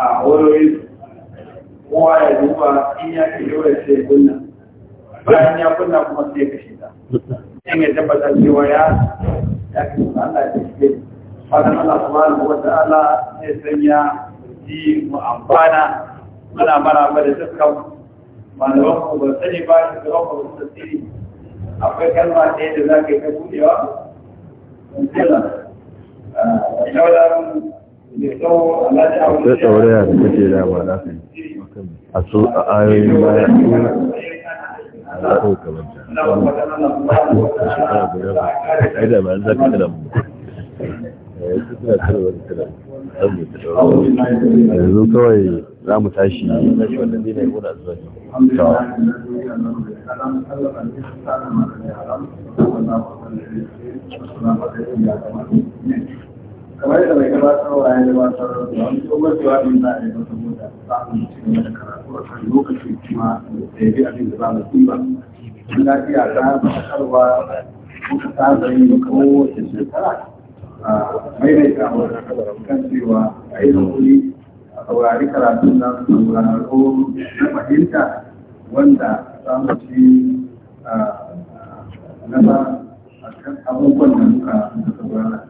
a wayoyin kowa ya duba in ya kashe waya sai ya kunna bayan ya kunna kuma sai ya kashe ta in ya tabbata cewa ya ya kashe ta Allah ya kashe fatan Allah subhanahu wa ta'ala ya sanya ji mu amfana muna maraba da dukkan malaman ku ba sani ba da kuma ba su tsiri akwai kalma ɗaya da za ka yi ta buɗewa. Yau da sai tsauraya da kake da ba za ka yi a su a ayoyin baya a za ka yi kamanta a shekara guda ba a da ba za ka kira mu eh, su suna kira wani kira yanzu kawai za mu tashi shi wanda zai na yi wuda zuwa ne kamar da mai gabatarwa ya gabatar da wani tsohon jawabin za a yi wata mota za mu ci gaba da karatu a kan lokaci kuma da ya bi abin da za mu ci ba mun lafiya ta fasakarwa muka tsara yi kowace shekara a maimaita kan cewa a yi hankuli a saurari karatun za su na fahimta wanda za mu ci nasara a kan abubuwan da suka saurara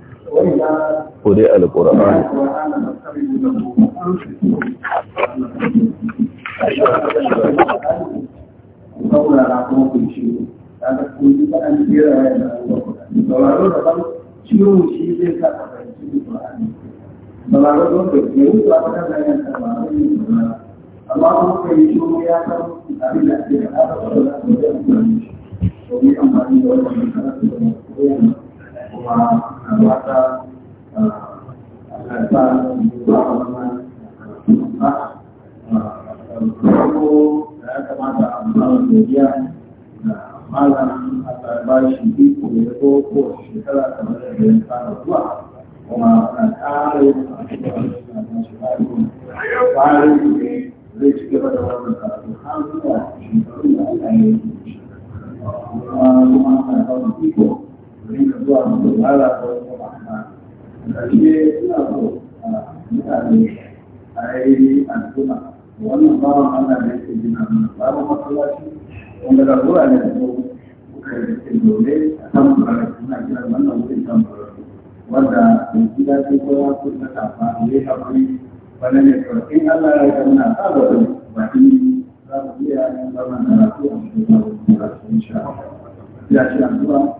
قرئ القرآن Allah'ın kayışını yapan abiler, abiler, abiler, abiler, abiler, abiler, abiler, abiler, abiler, abiler, kuma na a eh, Allah ta ba wannan eh, da ya kamata a fara godiya na malam Allah shi iko ya ko shekara kamar da ya fara zuwa kuma na ƙara yin ƙwarin zai ci gaba da wannan karatu har zuwa shekarun da yi kuma kuma na ƙarfafa iko rinka zuwa masu tsara da wasu ma'ana ƙarshe suna so mutane a yi al'umma wannan bawan Allah da yake gina mana sabon masallaci wanda da wurare da su kuka yi cikin dole a kan fara suna kiran wannan wurin kan fara wanda mai gida sai kowa ko ta tafa ne hakuri wanda ne kawai Allah ya ga muna saba da baki za mu iya yin zaman da rafi a cikin sabon insha Allah ya ce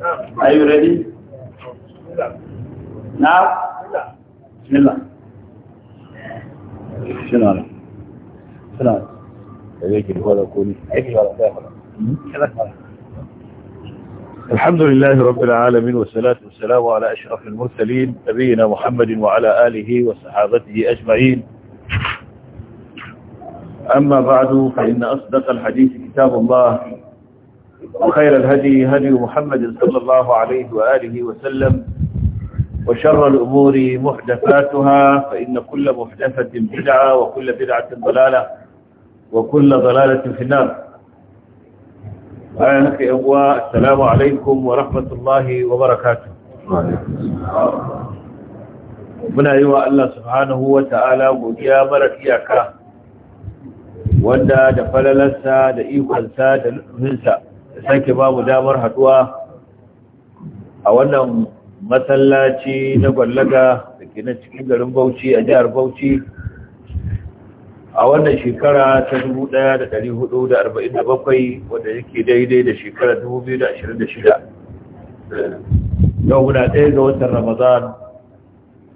Are you ready? Now? Bismillah. شنو هذا؟ شنو هذا؟ يجري ولا كوني الحمد لله رب العالمين والصلاة والسلام على أشرف المرسلين نبينا محمد وعلى آله وصحابته أجمعين أما بعد فإن أصدق الحديث كتاب الله وخير الهدي هدي محمد صلى الله عليه وآله وسلم وشر الأمور محدثاتها فإن كل محدثة بدعة وكل بدعة ضلالة وكل ضلالة في النار أبواء السلام عليكم ورحمة الله وبركاته من أيها الله سبحانه وتعالى wa ta'ala godiya mara iyaka wanda da falalarsa da ikonsa sake ba mu damar haduwa a wannan masallaci na gwallaga da ke na cikin garin bauchi a jihar bauchi a wannan shekara ta 1447 wadda yake daidai da shekara 2026 yau guda ɗaya ga watan Ramazan,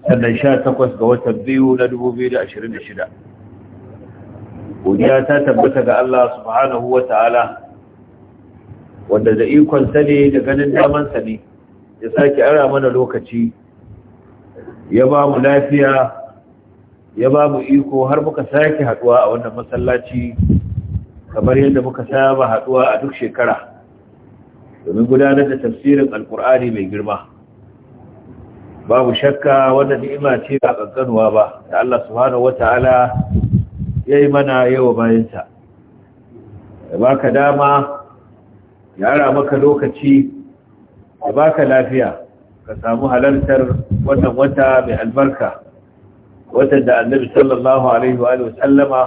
sannan 18 ga watan biyu na 2026 godiya ta tabbata ga Allah subhanahu wa ta'ala wanda da ikon ta ne da ganin daman ne ya sake ara mana lokaci ya ba mu lafiya ya ba mu iko har muka sake haduwa a wannan masallaci kamar yadda muka saba haduwa a duk shekara domin gudanar da tafsirin alkur'ani mai girma babu shakka wannan ni'ima ce ba kankanuwa ba da Allah subhanahu wata'ala yayi mana yawa bayan ya baka dama yara maka lokaci da baka lafiya ka samu halartar wannan wata mai albarka watan da annabi sallallahu alaihi wa sallama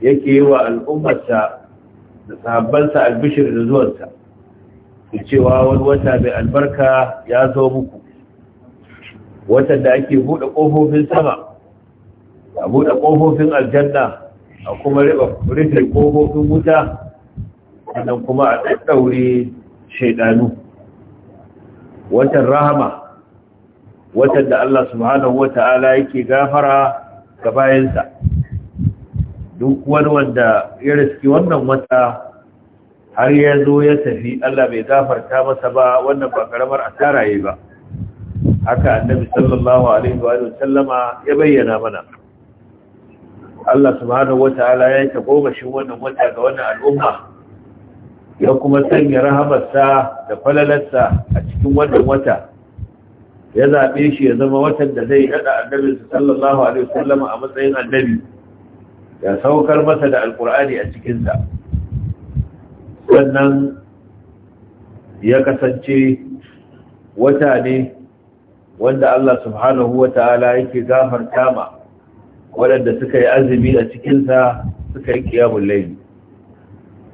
yake yi wa al'ummarsa da sahabbansa albishir da zuwansa ku cewa wani wata mai albarka ya zo muku watan da ake buɗe ƙofofin sama a buɗe ƙofofin aljanna a kuma rufe ƙofofin wuta sannan kuma a ɗaɗɗaure shaiɗanu. watan rahama watan da Allah subhanahu ta'ala yake gafara ga bayansa duk wani wanda ya riski wannan wata har ya zo ya tafi Allah bai gafarta masa ba wannan ba karamar asara yi ba haka annabi sallallahu alaihi wa sallama ya bayyana mana Allah subhanahu ta'ala ya ta goma shi wannan wata ga wannan al'umma ya kuma sanya rahamarsa da falalarsa a cikin wannan wata ya zaɓe shi ya zama watan da zai yada annabinsa sallallahu alaihi wasallama a matsayin annabi ya saukar masa da alkur'ani a cikinsa sannan ya kasance wata ne wanda Allah subhanahu wa ta'ala yake gafarta ma waɗanda suka yi azumi a cikinsa suka yi kiyamun laili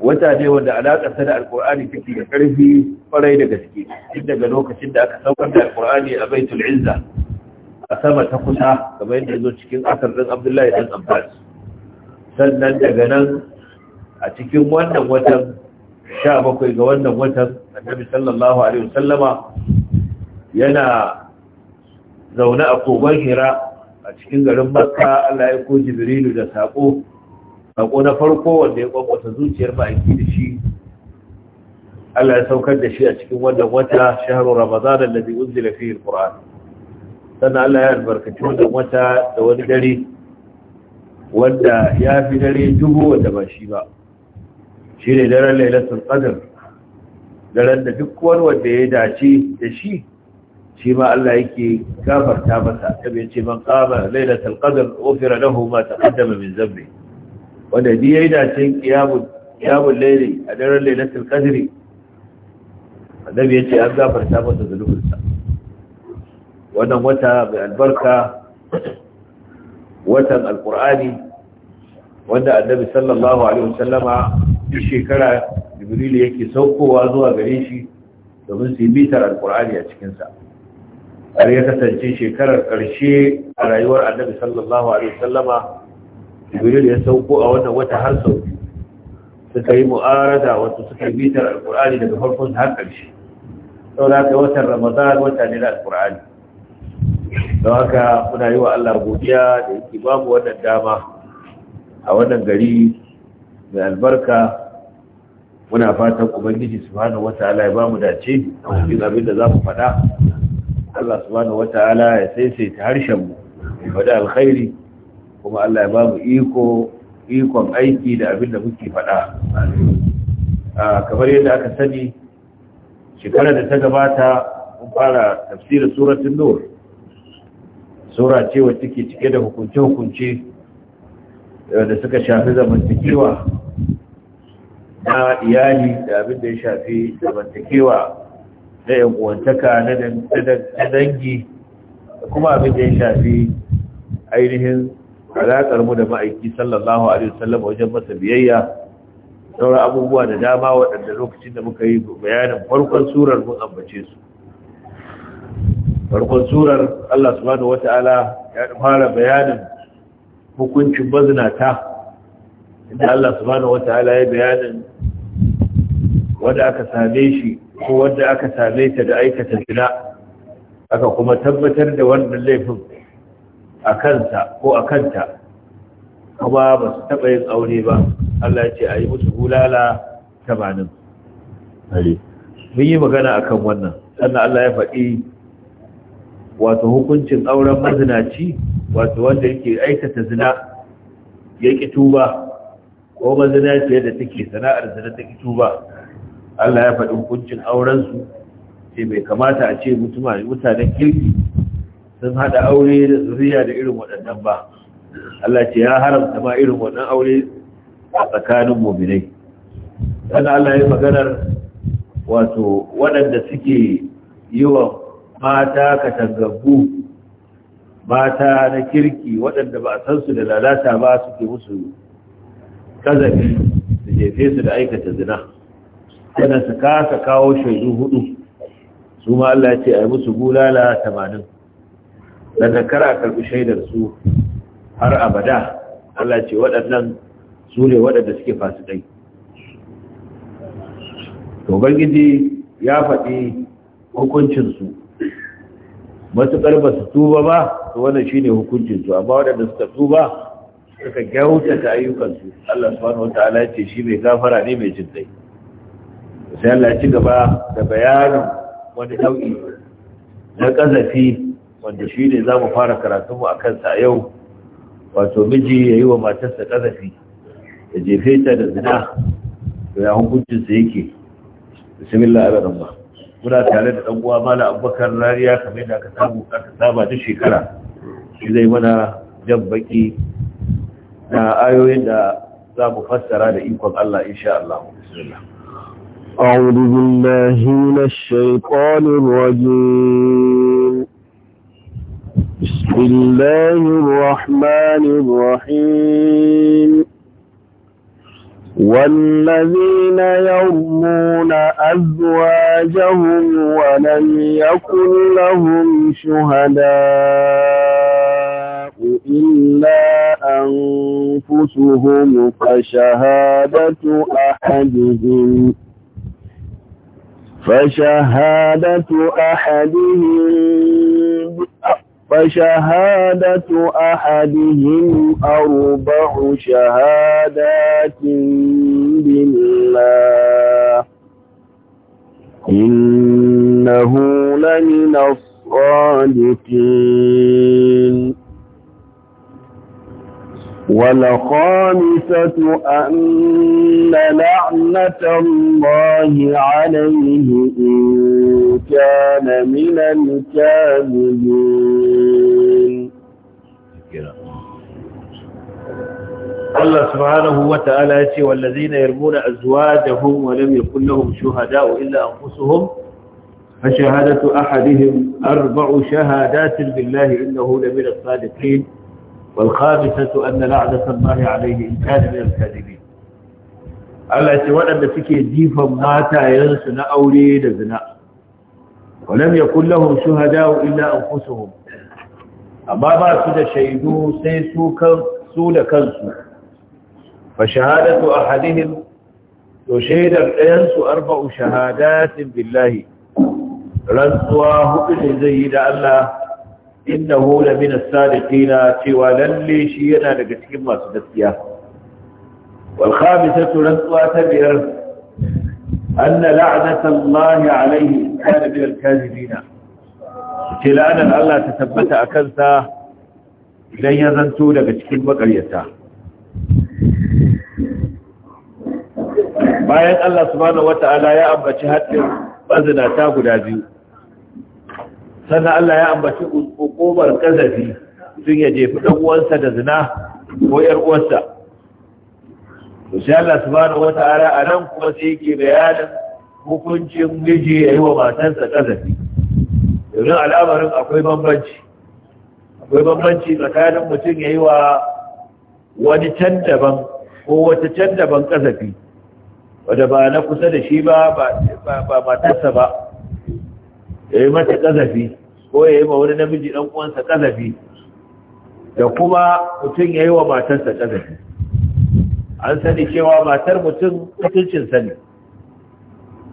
wata ne wanda alaƙarsa da alƙur'ani take da ƙarfi ƙwarai da gaske tun daga lokacin da aka saukar da alƙur'ani a baitul izza a sama ta kusa kamar yadda zo cikin asar ɗin abdullahi ɗan abbas sannan daga nan a cikin wannan watan sha bakwai ga wannan watan annabi sallallahu alaihi wasallama yana zaune a kogon hira a cikin garin makka allah ya ko jibrilu da saƙo Haƙo na farko wanda ya kwakwata zuciyar ma'aiki da shi Allah ya saukar da shi a cikin wannan wata shaharu Ramadan allazi unzila fihi alquran sannan Allah ya albarkaci wannan wata da wani dare wanda ya fi dare dubu wanda ba shi ba Shi ne daren lailatul qadr daren da duk wani wanda ya dace da shi shi ma Allah yake gafarta masa kabe ce man qama lailatul qadr ufira lahu ma taqaddama min zambi wanda ji ya yi dacin kiyamun laili a daren lailatul kadiri annabi ya ce an gafarta masa zunubinsa wannan wata mai albarka watan alkur'ani wanda annabi sallallahu alaihi wasallama duk shekara jibrilu yake saukowa zuwa gare shi domin su yi bitar alkur'ani a cikinsa har ya kasance shekarar ƙarshe a rayuwar annabi sallallahu alaihi wasallama jibril ya sauko a wannan wata har sau suka yi mu'arada wato suka yi bitar alkur'ani daga farkon har ƙarshe sau da watan ramadan wata ne na alkur'ani don haka muna yi wa allah godiya da yake babu wannan dama a wannan gari mai albarka muna fatan ubangiji subhanahu wata'ala ya bamu dace a cikin abin da za mu faɗa Allah subhanahu wata'ala ya saisaita harshen mu faɗi alkhairi kuma Allah ya ba mu iko ikon aiki da abin da muke faɗa kamar yadda aka sani shekarar da ta gabata mun fara tafsirin suratun nur sura ce wacce ke cike da hukunce-hukunce da suka shafi zamantakewa na iyali da abin da ya shafi zamantakewa na uwantaka na dangi kuma abin da ya shafi ainihin alaƙar mu da ma'aiki sallallahu alaihi wasallam wajen masa biyayya sauran abubuwa da dama waɗanda lokacin da muka yi bayanin farkon surar mun ambace su farkon surar Allah subhanahu wata'ala ya fara bayanin hukuncin bazinata inda Allah subhanahu wata'ala ya bayanin wanda aka same shi ko wanda aka same ta da aikata zina aka kuma tabbatar da wannan laifin a kanta ko a kanta kuma ba su taɓa yin aure ba Allah ce a yi musu hulala tamanin mun yi magana akan wannan sannan Allah ya faɗi wato hukuncin auren mazinaci wato wanda yake aikata zina ya ƙi tuba ko mazinaci da take sana'ar zina ta ƙi tuba Allah ya faɗi hukuncin aurensu ce bai kamata a ce mutanen kirki sun hada aure da zuriya da irin waɗannan ba Allah ce ya haramta ma irin waɗannan aure a tsakanin mu'minai dan Allah ya maganar wato waɗanda suke yi wa mata katangaggu mata na kirki waɗanda ba a san su da lalata ba suke musu kazafi da jefe su da aikata zina sannan su kasa kawo shaidu hudu su ma Allah ya ce a yi musu bulala tamanin Daga kara karbi shaidar su har abada Allah ce waɗannan su ne waɗanda suke fasikai to bangiji ya faɗi hukuncinsu matuƙar ba su tuba ba su wani shi ne hukuncinsu amma waɗanda suka tuba suka ta ayyukansu Allah subhanahu wata ya ce shi mai gafara ne mai jin ɗai. sai Allah ci gaba da bayanin wani nau'i na ƙazafi wanda shi ne za mu fara karatunmu a kansa a yau wato miji ya yi wa matarsa ƙazafi da jefe ta da zina da ya hukuncinsa yake bismillah muna tare da ɗan uwa mala abubakar rariya kamar yadda aka samu aka saba duk shekara shi zai mana jan baki na ayoyin da za mu fassara da ikon Allah insha Allah bismillah أعوذ بالله من الشيطان الرجيم بسم الله الرحمن الرحيم والذين يرمون أزواجهم ولم يكن لهم شهداء إلا أنفسهم فشهادة أحدهم فشهادة أحدهم فشهادة أحدهم أربع شهادات بالله إنه لمن الصادقين والخامسة أن لعنة الله عليه إن كان من الكاذبين الله سبحانه وتعالى يتي والذين يرمون أزواجهم ولم يكن لهم شهداء إلا أنفسهم فشهادة أحدهم أربع شهادات بالله إنه لمن الصادقين والخامسة أن لعنة الله عليه إن كان من الكاذبين على سواء أن سكي الديفا ماتا ينسن أولين ذناء ولم يكن لهم شهداء إلا أنفسهم أما ما سد شيدو سيسو كنسول كنسو فشهادة أحدهم وشهد الأنس أربع شهادات بالله رسوى إذن زيد الله innahu la min da sadiqina cewa lalle shi yana daga cikin masu gaskiya wal khamisatu rantsuwa ta biyar anna la'nata Allah alayhi kana min al-kadhibina ce la'anar Allah ta tabbata a kansa idan ya zanto daga cikin makaryata bayan Allah subhanahu wata'ala ya ambaci haddin mazinata guda biyu sannan Allah ya ambaci ƙobar kazafi sun ya jefi ɗan uwansa da zina ko ‘yar uwansa. Insha Allah subhanahu wata ara a nan kuma sai yake bayanin hukuncin miji ya yi wa matansa kazafi yanzu al'amarin akwai bambanci. Akwai bambanci tsakanin mutum ya yi wa wani can daban ko wata can daban kazafi wadda ba na kusa da shi ba ba matarsa ba. Ya yi mata ƙazafi. ko ya yi ma wani namiji ɗan uwansa ƙazafi da kuma mutum ya yi wa matarsa ƙazafi an sani cewa matar mutum mutuncin sani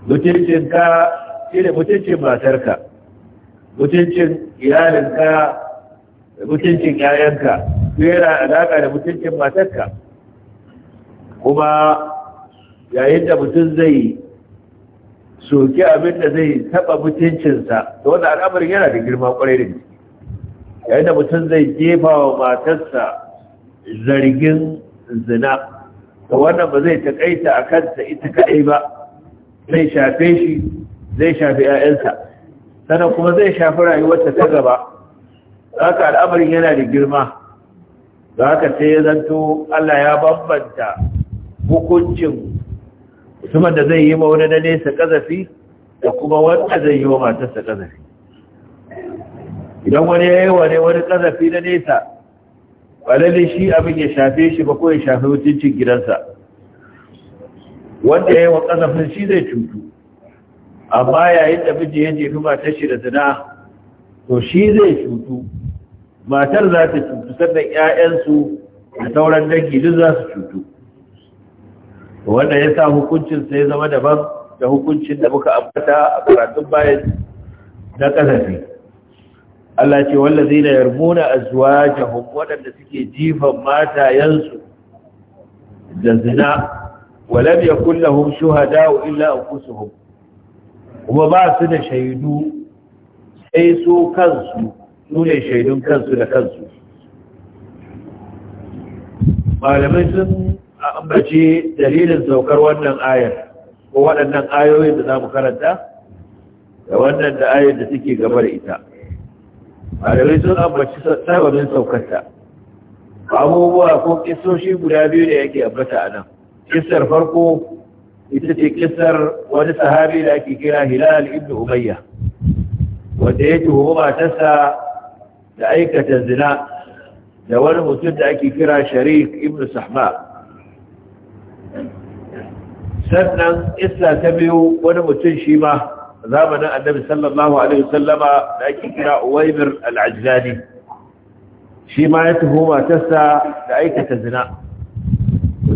mutuncin ka shi ne mutuncin matarka mutuncin iyalinka mutuncin yayanka yana alaƙa da mutuncin matarka kuma yayin da mutum zai soki abin da zai taɓa mutuncinsa da wanda al'amarin yana da girma kwarai da gaske yayin da mutum zai jefa wa matarsa zargin zina da wannan ba zai takaita a kansa ita kaɗai ba zai shafe shi zai shafi 'ya'yansa sannan kuma zai shafi rayuwarta ta gaba haka al'amarin yana da girma da haka sai ya zanto Allah ya bambanta hukuncin mutumin da zai yi ma na nesa kazafi da kuma wanda zai yi wa matarsa kazafi idan wani ya yi wa ne wani kazafi na nesa ba lalle shi abin ya shafe shi ba ko ya shafe mutuncin gidansa wanda ya yi wa kazafin shi zai cutu amma yayin da miji ya jefi matar shi da zina to shi zai cutu matar za ta cutu sannan 'ya'yansu da sauran dangi duk za su cutu wanda ya sa hukuncin sai zama daban da hukuncin da muka ambata a karatun bayan na kasafi Allah ce zai na yarmuna jahun Waɗanda suke jifan matayensu da zina walab ya lahum shuhada'u illa kusa anfusuhum kuma ba su da shaidu sai su kansu nune shaidun kansu da kansu malamai sun ambaci dalilin saukar wannan ayar ko waɗannan ayoyin da za mu karanta da wannan da ayar da suke gaba da ita malamai sun ambaci sababin saukarta abubuwa ko kisoshi guda biyu da yake ambata a nan kisar farko ita ce kisar wani sahabi da ake kira hilal ibn umayya wanda ya tuhumi matarsa da aikata zina da wani mutum da ake kira sharik ibn sahma sannan isa ta biyu wani mutum shi ma zamanin annabi sallallahu alaihi wasallama da ake kira uwaimir al'ajjani shi ma ya tuhu matarsa da aikata zina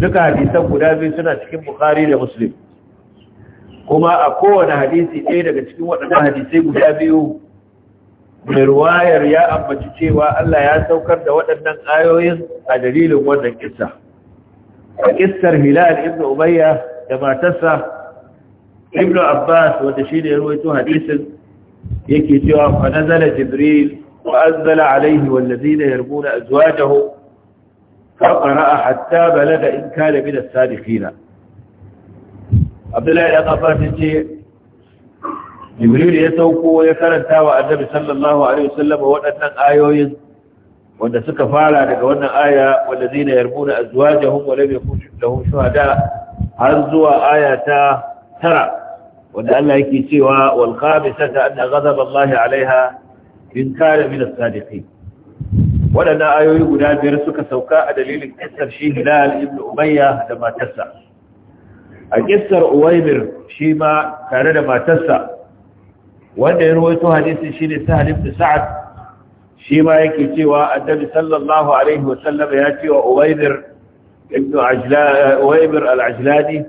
duka hadisan guda biyu suna cikin bukari da muslim kuma a kowane hadisi ɗaya daga cikin waɗannan hadisai guda biyu mai ruwayar ya ambaci cewa Allah ya saukar da waɗannan ayoyin a dalilin wannan kissa a kissar hilal ibn ubayya da matarsa ibnu abbas wanda shi ne ruwaito hadisin yake cewa fa nazala jibril wa Alayhi alaihi wallazina yarmuna azwajahu fa qara'a hatta balaga in kana min as-sadiqin abdullahi ya kafa ce jibril ya sauko ya karanta wa annabi sallallahu alaihi wasallam waɗannan ayoyin wanda suka fara daga wannan aya wallazina yarmuna azwajahum wa lam yakun lahum shuhada har zuwa aya ta tara wanda Allah yake cewa wal khamisata anna ghadab Allah alaiha in kana min as-sadiqin wadannan ayoyi guda biyar suka sauka a dalilin kissar shi Hilal ibn Umayya da matarsa a kissar Uwaymir shi ma tare da matarsa wanda ya rawaito hadisin shine Sahal ibn Sa'ad shi ma yake cewa Annabi sallallahu alaihi wasallam ya ce wa Uwaymir ibn waibir al-ajladi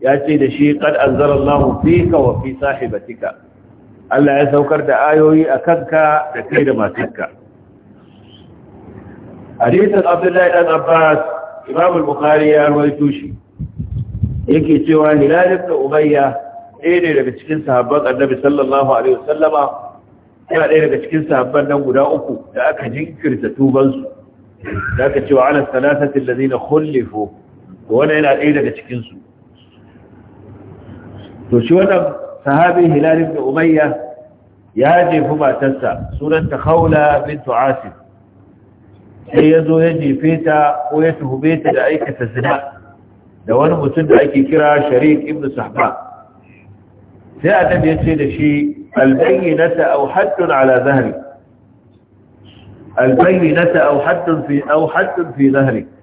ya ce da shi qad anzalallahu fika wa fi sahibatika Allah ya saukar da ayoyi a kanka da kai da matarka hadisin abdullahi ɗan abbas imam al-bukhari ya rawaito shi yake cewa hilal ibn umayya ɗaya ne daga cikin sahabban annabi sallallahu yana ɗaya daga cikin sahabban nan guda uku da aka jinkirta tubansu za ka cewa ala salasatin da na kullifo wanda yana ɗaya daga cikinsu to shi wannan sahabi hilalin da umayya ya jefi matarsa sunanta khawla bintu asif sai ya zo ya jefe ta ko ya tuhume ta da aikata zina da wani mutum da ake kira sharik ibn sahba sai Adam ya ce da shi albayyinata aw auhaddun ala zahri البينة أو حد في أو حد في ظهرك